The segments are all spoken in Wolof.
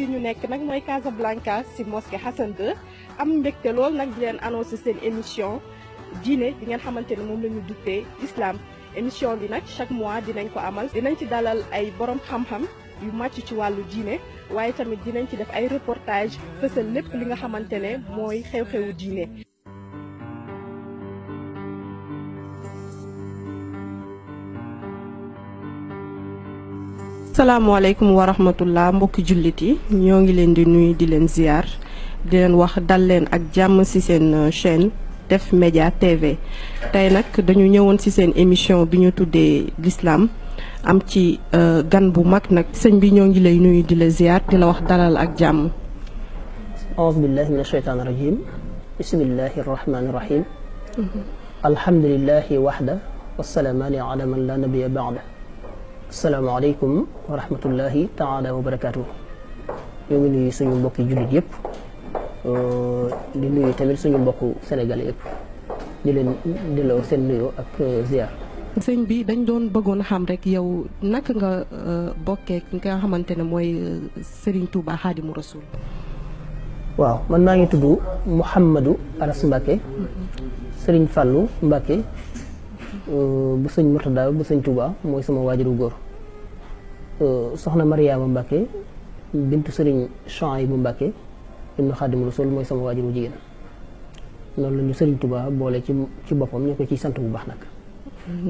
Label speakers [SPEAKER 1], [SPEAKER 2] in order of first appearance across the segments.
[SPEAKER 1] fii ñu nekk nag mooy Casablanca si mosquée Hassan II am mbégte lool nag di leen annoncé seen émission diine bi ngeen xamante ne moom lañu ñu duppee islam émission bi nag chaque mois dinañ ko amal dinañ ci dalal ay borom xam-xam yu màcc ci wàllu diine waaye tamit dinañ ci def ay reportage fësal lépp li nga xamante ne mooy xew-xewu diine السلام عليكم ورحمة الله مبارك جلتي نيوم يلين دنوي دلنا زيار دلنا واحد دلنا أجمع سيسن شين تف ميديا تيفي تاينك دنيو نيوم سيسن إميشن بنيوتو د الإسلام أمتي غن بومك نك سن بنيوم يلين دنوي دلنا زيار دلنا واحد دلنا أجمع
[SPEAKER 2] أعوذ بالله من الشيطان الرجيم بسم الله الرحمن الرحيم الحمد لله وحده والسلام على من لا نبي بعده asalaamaaleykum wa rahmatullahi taala wa barakaatu. ñu ngi nuyu suñu mbokki jullit yëpp uh, di nuyu tamit suñu mbokku Sénégal yëpp di leen delloo seen nuyoo ak uh, ziar.
[SPEAKER 1] sëñ bi dañ doon bëggoon xam rek yow naka nga uh, bokkee nga xamante ne mooy Serigne Touba Xaadimu Rasul.
[SPEAKER 2] waaw man maa ngi tudd Mouhamadou Aras Mbacke mm-hmm. Serigne Fallou Mbacke Euh, bu sëñ Murtada bu sëñ Touba mooy sama waajur wu góor euh, soxna Mariama Mbacke bintu sëriñ Chouaïbou Mbacke ibnu Xaadimu Rasul mooy sama waajur wu jigéen noonu la ñu sëriñ Touba boole ci ci boppam ñu ko ciy sant bu baax nag.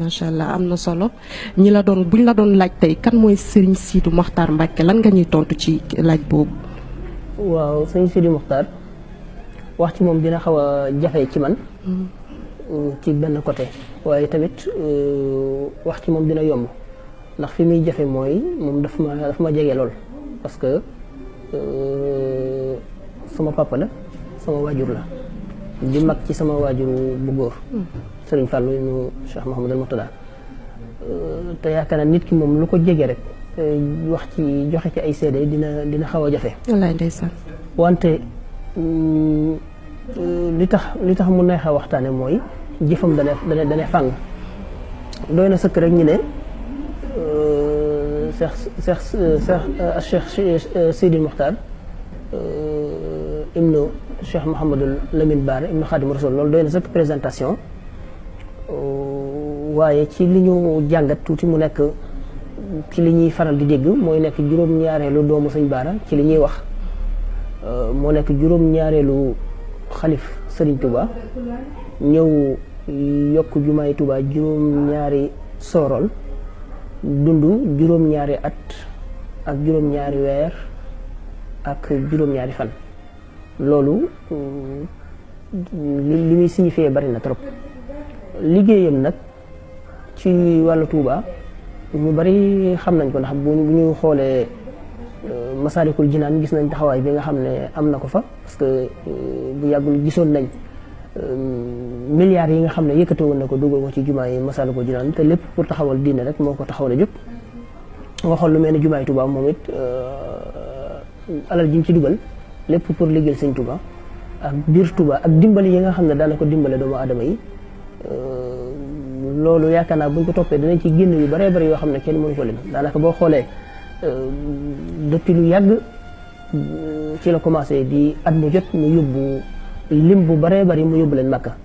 [SPEAKER 1] macha allah am na solo ñi la doon buñ la doon laaj tey kan mooy sëriñ Sidy Mokhtar Mbacke lan nga ñuy tontu ci laaj boobu.
[SPEAKER 2] waaw sëriñ Sidy Mokhtar wax ci moom dina xaw a jafe ci man. Hmm. ci benn côté waaye tamit euh, wax ci moom dina yomb ndax fi muy jafe mooy moom daf ma ma jege lool parce que euh, sama papa la sama waajur la di mag ci sama waajur bu góor hmm. Sëriñ Fàllu nu Cheikh Mahamadul Murtada euh, te yaakaar naa nit ki moom lu ko jege rek wax ci joxe ci ay seede dina dina xaw a jafe wante mm, li tax li tax mu neex a waxtaane mooy jëfam dane dane danay fàng doy na sëkk rek ñu ne euh, Cheikh Cheikh Cheikh euh, Cheikh Sidi Mokhtar euh, ibnu Cheikh Mouhamadul Lamine Baara ibnu Khadim Rasul loolu doy na sëkk présentation waaye ci li ñu jàngat tuuti mu nekk ci li ñuy faral di dégg mooy nekk juróom-ñaareelu doomu sëñ Baara ci li ñuy wax moo nekk juróom-ñaareelu xalif Serigne Touba ñëw yokk jumaay Touba juróom-ñaari soorool dund juróom-ñaari at ak juróom-ñaari weer ak juróom-ñaari fan loolu mm, li muy signifié bari na trop liggéeyam nag ci wàll Touba ñu bari xam nañ ko ndax bu ñu xoolee masalikul jinan gis nañ taxaway bi nga xamne ne am na ko fa parce que bu yagul gisoon nañ milliards yi nga xamne ne won nako na ko ci jumaa yi Masaalikul Jinaan te lepp pour taxawal diine rek moko ko taxawal a jóg nga xool lu melni ni jumaay tuba momit it alal giñ ci dugal lepp pour liggéeyal sëñ tuba ak bir tuba ak dimbali yi nga xamne da daana ko dimbale doomu adama yi loolu yaakaar naa buñ ko toppee danañ ci génn yu bare bare yoo xam ne kenn mënu ko lim daanaka boo xoolee Euh, depuis lu yàgg euh, ci la commencé di at mu jot mu yóbbu lim bu baree bari mu yóbbu leen màkka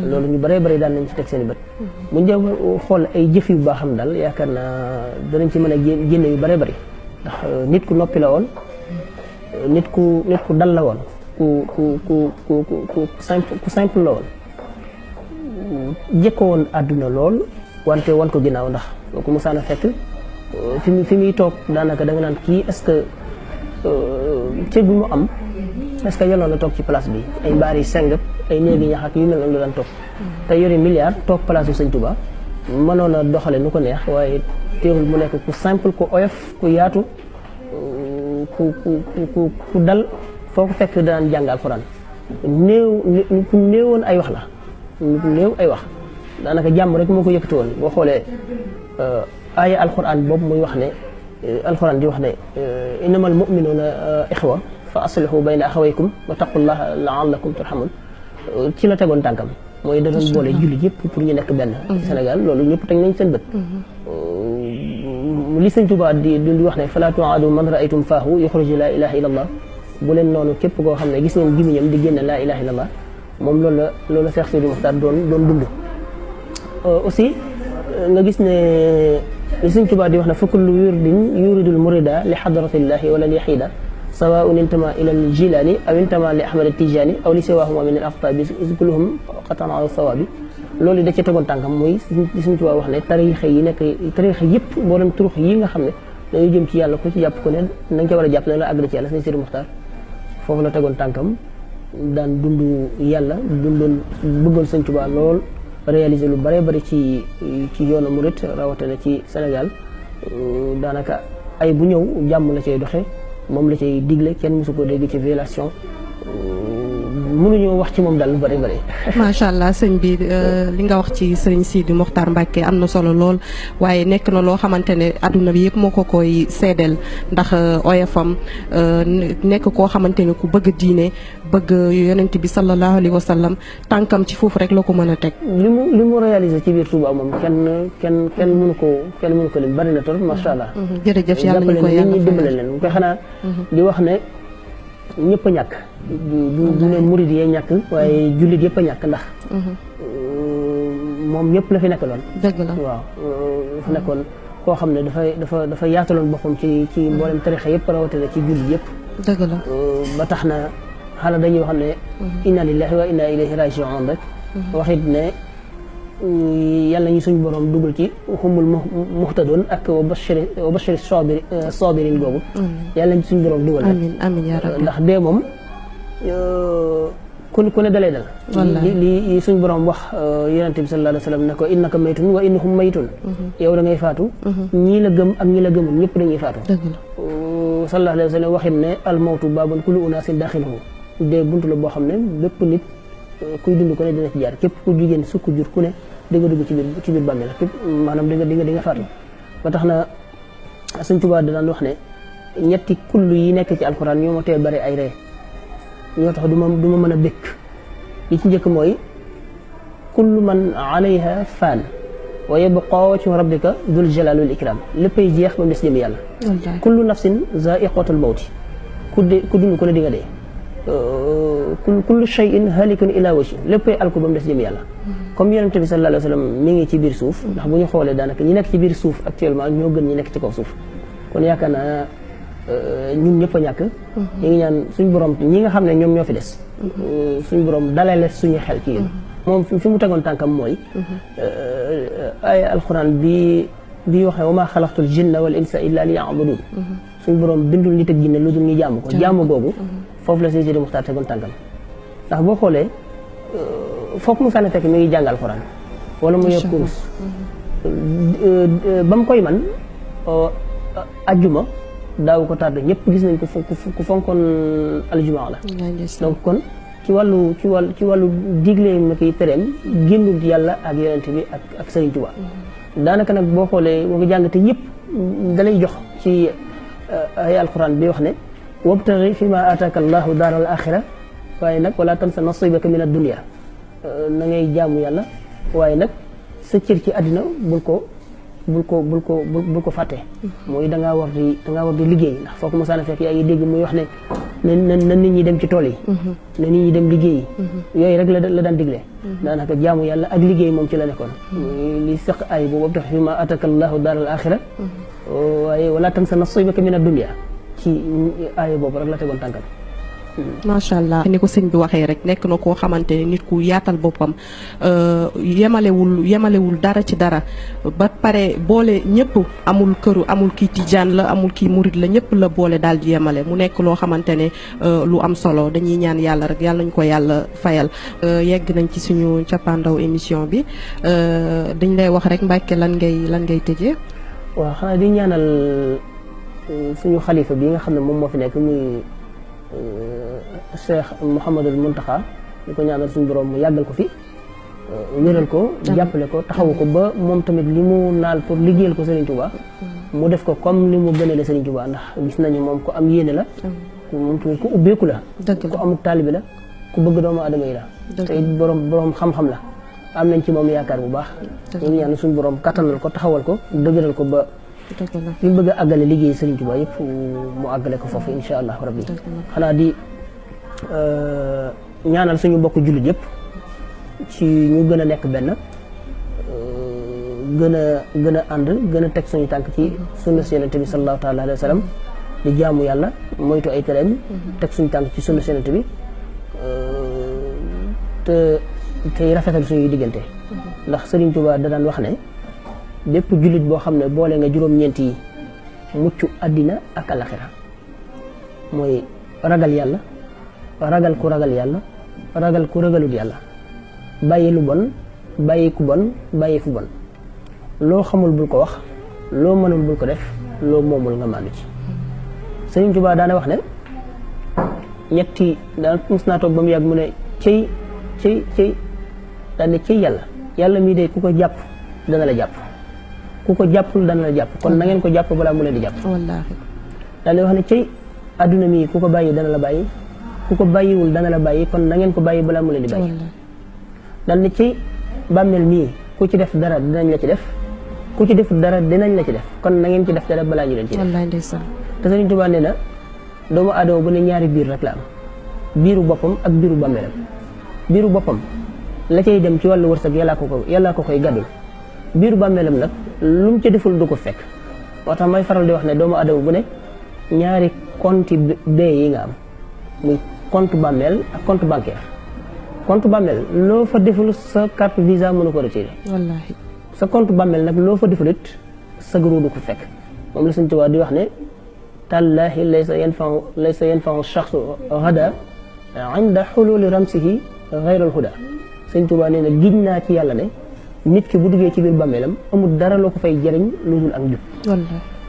[SPEAKER 2] loolu ñu baree bari daan nañ ci teg seen i bët mhm. buñ dee xool ay jëf yu baax xam daal yaakaar naa danañ ci mën a génne yu baree bari ndax euh, nit ku noppi la woon nit ku nit ku dal la woon ku ku ku ku ku ku simple la woon jëkkoo woon àdduna lool wante wan ko ginnaaw ndax ko musaana fekk Eh, fi mu fi muy toog daanaka da nga naan kii est ce que eh, cër bi mu am est ce que yaloon na toog ci place bi ay mbaari seng ay néegi ñax ak yu mel noonu la daan toog te yori milliard toog place bu sëñ Touba mënoon a doxale nu ko neex waaye teewul mu nekk ku simple ku oyof ku yaatu eh, ku ku ku ku dal foo ko fekk daan jàng alquran néew ku néewoon ay wax la ku néew ay wax daanaka jàmm rek moo ko yëkkati woon boo xoolee آية القرآن بوب موي وخني آه، القرآن دي وخني آه، إنما المؤمنون آه، إخوة فأصلحوا بين أخويكم وتقوا الله لعلكم ترحمون تي لا تيغون تانكام موي دا دون بولي جولي جيب بور ني نيك بن سنغال لولو نيب تاج نين سن بت لي سن توبا دي دون دي وخني فلا تعادوا من رايتم فاه يخرج لا اله الا الله بولين نونو كيب كو خامني غيس نين جيمي نيم دي ген لا اله الا الله موم لولا لولا شيخ سيدي مختار دون دون دوندو اوسي nga gis ne سيغ توبا دي واخنا فكل يرد يريد المريد لحضرة الله ولا اليحيد سواء انتما الى الجيلاني او انتما لاحمد التيجاني او لسواهما من الاخطاء كلهم قطعا على الصواب لولي داكي تكون تانك موي سيغ توبا واخنا تاريخ يي نك تاريخ ييب بوروم تروخ يي nga xamne da yu jëm ci yalla ko ci japp ko ne nang ci wara japp la agri ci yalla sey sir muhtar fofu la tagon tankam réalisé lu bare bari ci ci yoonu murit rawatina ci Sénégal daanaka ay bu ñëw jàmm la cay doxe moom la cay digle kenn mësu ko dégg ci violation mënuñoo wax ci moom daal lu bëri bëri.
[SPEAKER 1] macha allah sëñ bi euh, li nga wax ci sëriñ Sidi Mokhtar Mbacke am na solo lool waaye nekk na loo xamante ne adduna bi yëpp moo ko koy seedeel ndax euh, oyofam euh, nekk koo xamante ne ku bëgg diine bëgg yonent bi sallallahu alayhi wa sallam tànkam ci foofu rek la ko mën a teg.
[SPEAKER 2] li mu li mu réalisé ci biir Touba moom kenn kenn kenn mënu ko kenn mënu ko lim allah. Mm-hmm. jërëjëf yàlla ñu koy yàlla fayal jàppale nit ñi dimbale xanaa mm-hmm. di wax ne. ñëpp a ñàkk du du ne murid yee ñàkk waaye jullit yëpp a ñàkk ndax mhm. euh, moom ñëpp la fi nekkaloon dëgg la waaw dafa euh, nekkoon koo xam ne dafay dafa dafa yaataloon boppam ci ci mboolem tarixa yëpp rawatina ci jullit yëpp dëgg la euh, ba tax na xala dañuy xam ne mhm. inna lillahi wa inna ilayhi rajiun rek mhm. waxit ne yàlla ñu suñu borom dugal ci xumul muxtadoon ak wa bashiri wa bashiri sabiri sabirin googu yàlla ñu suñu borom dugal amiin amiin dee moom ku ku dal li suñu borom wax uh, yonente bi sallallahu alayhi ko innaka mhm. da ngay faatu mhm. ñii la uh, wa sallam waxin ne al mawtu baabun kullu unaasin daaxiluhu dee buntu la boo xam ne bépp nit uh, kuy dund ko ne dina ci jaar képp ku jigéen sukk jur ku di nga dugg ci biir ci biir bàmmeel maanaam nga di nga tax na sëñ Tuubaa daan wax ne ñetti kull yi nekk ci alxuraan ñoo ma tee bari ay ree ñoo tax du ma du ma mën a békk li ci njëkk mooy kullu man alayha faan wa yabqa ci rabbika dul jalaali wal ikraam léppay jeex ba mu des jëm yàlla kullu nafsin zaa'iqatul mawti ku dee ku dund ku ne di nga dee kullu shay'in halikun ila ba mu des jëm yàlla hmm. comme yaron tabi sallallahu alayhi wasallam mi ngi ci bir souf ndax buñu xolé danaka ñi nek ci bir souf actuellement ñoo gën ñi nek ci ko souf kon yaakaar naa ñun ñëpp ñak
[SPEAKER 3] ñi ngi
[SPEAKER 2] ñaan suñu borom ñi nga xamne ñom ñoom ñoo fi des suñu borom dalale suñu xel ci yéen mom fi mu tegoon tànkam moy ay alquran bi bi waxe wa maa xalaqtul jinna wal insa illa liya'budun suñu borom bindul nit ak jinne lu dul ñi jamm ko jamm googu fofu la sey Seydi Muxtaar tegoon tànkam ndax bo xolé foog mu sànni tekk mi ngi jàngal alxuraan wala mu yor kurus ba mu koy man euh, ajjuma daaw ko tardé ñëpp gis nañ ko ku fonkoon aljumaa la donc kon ci wàllu ci wàllu ci wàllu digle ma yàlla ak yonent bi ak sëriñ Tuba mm-hmm. daanaka nag boo xoolee boo ko jàngate yëpp dalay jox ci euh, ay alquran bi wax ne wabtaghi fi ma ataka allahu daara al waaye nag wala tansa nasibaka min ad-dunya euh, na ngay jaamu yàlla waaye nag sa cër ci àddina bul ko bul bul ko bul ko fàtte. mooy da ngaa war di da ngaa war di liggéey ndax foo ko mosaan fekk yaa ngi dégg muy wax ne na na nit ñi dem ci tool yi. Mm-hmm. na nit ñi dem liggéeyi. Mm-hmm. yooyu rek la la daan digle. Mm-hmm. daanaka jaamu yàlla ak liggéey moom ci la nekkoon. li seq ay boobu ab tax fi ma ataka allahu daar al axira min ad dunya ci ay boobu rek la tegoon tànkam.
[SPEAKER 1] macha allah ni ko sëñ bi waxee rek nekk na koo xamante ne nit ku yaatal boppam euh, yemalewul yemalewul dara ci dara ba pare boole ñëpp amul këru amul kii tijaan la amul kii murit la ñëpp la boole daal di yemale mu nekk loo xamante ne euh, lu am solo dañuy ñaan yàlla rek yàlla nañ ko yàlla fayal. Euh, yegg nañ ci suñu cappaandaw émission bi dañ lay wax rek Mbacke lan ngay lan ngay tëjee.
[SPEAKER 2] waaw xanaa di ñaanal suñu xalifa bi nga xam ne moom moo fi nekk muy. cheikh Mouhamadul Mountakha ñu ko ñaanal suñu borom mu yàggal ko fi wéral ko jàppale ko taxawu ko ba moom tamit li mu naal pour liggéeyal ko Serigne Touba mu def ko comme li mu gënale Serigne Touba ndax gis nañu moom ko am yéene la moom tamit ku ubbeeku la ku amul taalibi la ku bëgg doomu aadama yi la te it borom borom xam-xam la am nañ ci moom yaakaar bu baax ñu ngi ñaan suñu borom kattanal ko taxawal ko dëgëral ko ba ñu bëgg a àggale liggéey Serigne Touba yëpp mu àggale ko foofu incha allah rabbi xanaa di euh, ñaanal suñu mbokk jullit yëpp ci ñu gën a nekk benn gën a gën a ànd gën a teg suñu tànk ci sunna si yonente bi sallallahu taala alayhi wa sallam di jaamu yàlla ay tereem mhm. teg suñu tànk ci sunna si yonente bi euh, te tey rafetal suñu diggante mhm. ndax Serigne Touba da daan wax ne bépp jullit boo xam ne boole nga juróom ñeenti mucc àddina ak alaxira mooy ragal yàlla ragal ku ragal yàlla ragal ku ragalut yàlla bàyyi lu bon bàyyi ku bon bàyyi fu bon loo xamul bul ko wax loo mënul bul ko def loo moomul nga maandu ci Sëriñ Tuubaa daana wax ne ñetti daan mos naa toog ba mu yàgg mu ne cëy cëy cëy daal cëy yàlla yàlla mii de ku ko jàpp dana la jàpp ku ko jàppul dana la jàpp kon na ngeen ko jàpp balaa mu leen di jàpp wallaahi daal di wax na cey adduna mii ku ko bàyyi dana la bàyyi ku ko bàyyiwul dana la bàyyi kon na ngeen ko bàyyi balaa mu la di bàyyi daal ne cey bàmmeel mii ku ci def dara dinañ la ci def ku ci deful dara dinañ la ci def kon na ngeen ci def dara balaa ñu leen ci def te Sëriñ Tuubaa nee na doomu aadama bu ne ñaari biir rek la am biiru boppam ak biiru bàmmeelam biiru boppam la cay dem ci wàllu wërsëg yàllaa ko ko yàllaa ko koy gàddul biir bàmmeelam nag lum mu ca deful du ko fekk moo tax may faral di wax ne doomu adama bu ne ñaari compte bee yi nga am muy compte bàmmeel ak compte bancaire compte bàmmeel loo fa deful sa carte visa mënu ko retiré wallaahi sa compte bàmmeel nag loo fa deful it sa gëru du ko fekk moom la suñ tubaab di wax ne tallaahi laysa yanfau laysa yanfau shaxsu hada inda xululi ramsihi gayral huda suñ tubaab nee na giñ naa ci yàlla ne nit ki bu duggee ci biir bàmmeelam amul dara loo ko fay jëriñ lu dul ak njub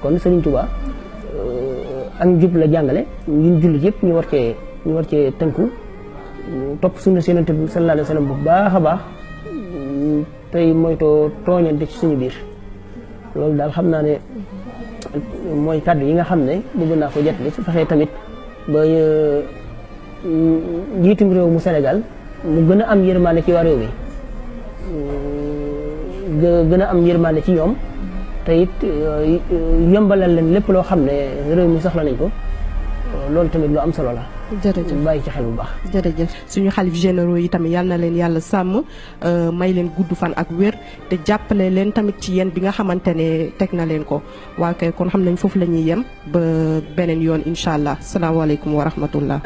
[SPEAKER 2] kon Sëriñ Tuubaa euh, ak njub la jàngale ñun jullit yépp ñu war cee ñu war cee tënku topp sunna si Yonent bi sallallahu alayhi bu baax a baax tey moytoo tooñante ci suñu biir loolu daal xam naa ne mooy kàddu yi nga xam ne bëgg naa ko jotali su fexee tamit ba euh, njiitum réew mu senegal mu gën a am yërmaane ci waa réew mi gën a am yërmande ci ñoom te it euh, euh, yombalal leen lépp loo xam ne réew mi soxla nañ ko loolu tamit lu am solo la. jërëjëf bàyyi bu baax.
[SPEAKER 1] jërëjëf suñu xalif généraux yi tamit yal na leen yàlla sàmm euh, may leen gudd fan ak wér te jàppale leen tamit ci yéen bi nga xamante ne teg na leen ko waa kay kon xam nañ foofu la ñuy yem ba beneen yoon incha allah salaamaaleykum wa rahmatullah.